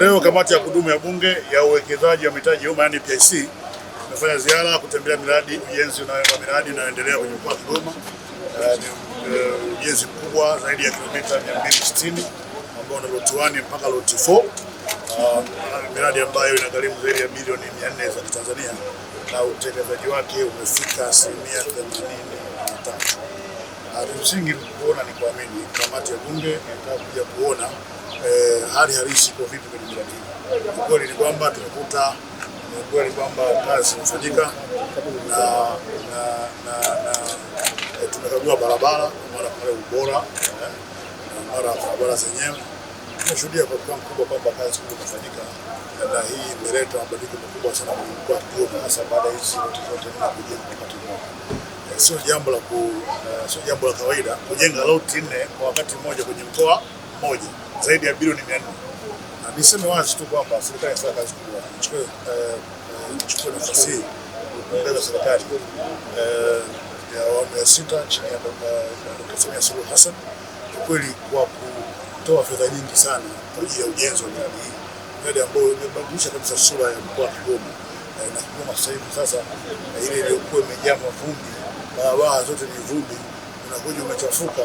Leo kamati ya kudumu ya bunge ya uwekezaji wa mitaji ya umma yani PIC imefanya ziara kutembelea miradi ujenzi wa miradi inayoendelea kwenye mkoa wa Kigoma. Eh, ni eh, ujenzi mkubwa zaidi ya kilomita 260 ambao ni loti 1 mpaka loti 4, ah, miradi ambayo inagharimu zaidi ya bilioni 400 za Kitanzania na utekelezaji wake umefika asilimia 85. Ah, kimsingi kuona ni kuamini, kamati ya bunge inataka kuja kuona eh, hali halisi iko vipi kwenye miradi hii. Ukweli ni kwamba tumekuta eh, ukweli kwamba kazi zinafanyika na, na, na, na eh, tumekagua barabara mara pale ubora eh, mara barabara zenyewe tumeshuhudia kwa kiwango kikubwa kwamba kazi kubwa inafanyika na hii imeleta mabadiliko makubwa sana kwa mkoa, hasa baada ya hizi zote zote na kujenga wakati mmoja. Eh, sio jambo la ku eh, sio jambo la kawaida kujenga loti nne kwa wakati mmoja kwenye mkoa moja zaidi ya bilioni mia nne. Niseme wazi tu kwamba serikali inafanya kazi kubwa, chukue eh, eh, nafasi hii kupongeza serikali eh, ya awamu ya sita chini ya Dkt. Samia Suluhu Hassan kwa kweli kwa kutoa fedha nyingi sana kwa ajili ya ujenzi wa miradi hii, miradi ambayo imebadilisha kabisa sura ya mkoa wa Kigoma na Kigoma sasa hivi sasa ile iliyokuwa imejaa mavumbi, barabara zote ni vumbi, unakuja umechafuka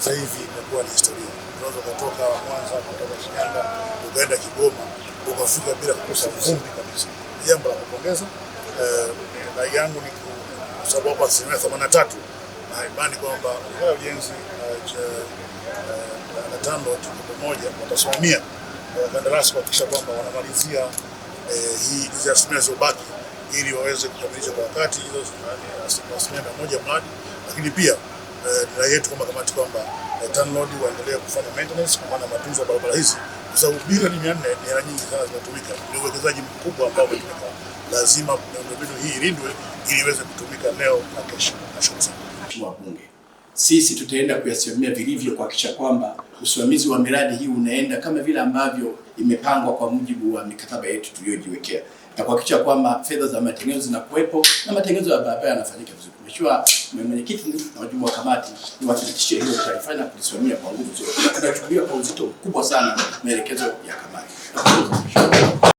sasa hivi imekuwa ni historia. Unaweza kutoka Mwanza kutoka Shinyanga ukaenda Kigoma ukafika bila kukosa vumbi kabisa, jambo la kupongeza. Eh, rai yangu ni kwa sababu asilimia themanini na tatu na imani kwamba a ujenzi eh, eh, na tano tuko pamoja, watasimamia kandarasi kuhakikisha kwamba wanamalizia hizi asilimia zilizobaki ili waweze kukamilisha kwa wakati hizo asilimia mia moja mradi, lakini pia nia yetu kama kamati kwamba TANROADS eh, waendelee kufanya maintenance kwa maana matunzo ya barabara hizi, kwa sababu bilioni mia nne ni hela nyingi sana zinatumika. Ni uwekezaji mkubwa ambao umetumika, lazima miundombinu hii ilindwe ili iweze kutumika leo na kesho. Nashukuru sana Mheshimiwa Bunge sisi tutaenda kuyasimamia vilivyo, kuhakikisha kwamba usimamizi wa miradi hii unaenda kama vile ambavyo imepangwa kwa mujibu wa mikataba yetu tuliyojiwekea na kuhakikisha kwamba fedha za matengenezo zinakuwepo na matengenezo ya barabara yanafanyika vizuri. Mheshimiwa Mwenyekiti na wajumbe wa kamati, niwahakikishie hilo na kulisimamia kwa nguvu zote. Tunachukulia kwa uzito mkubwa sana maelekezo ya kamati.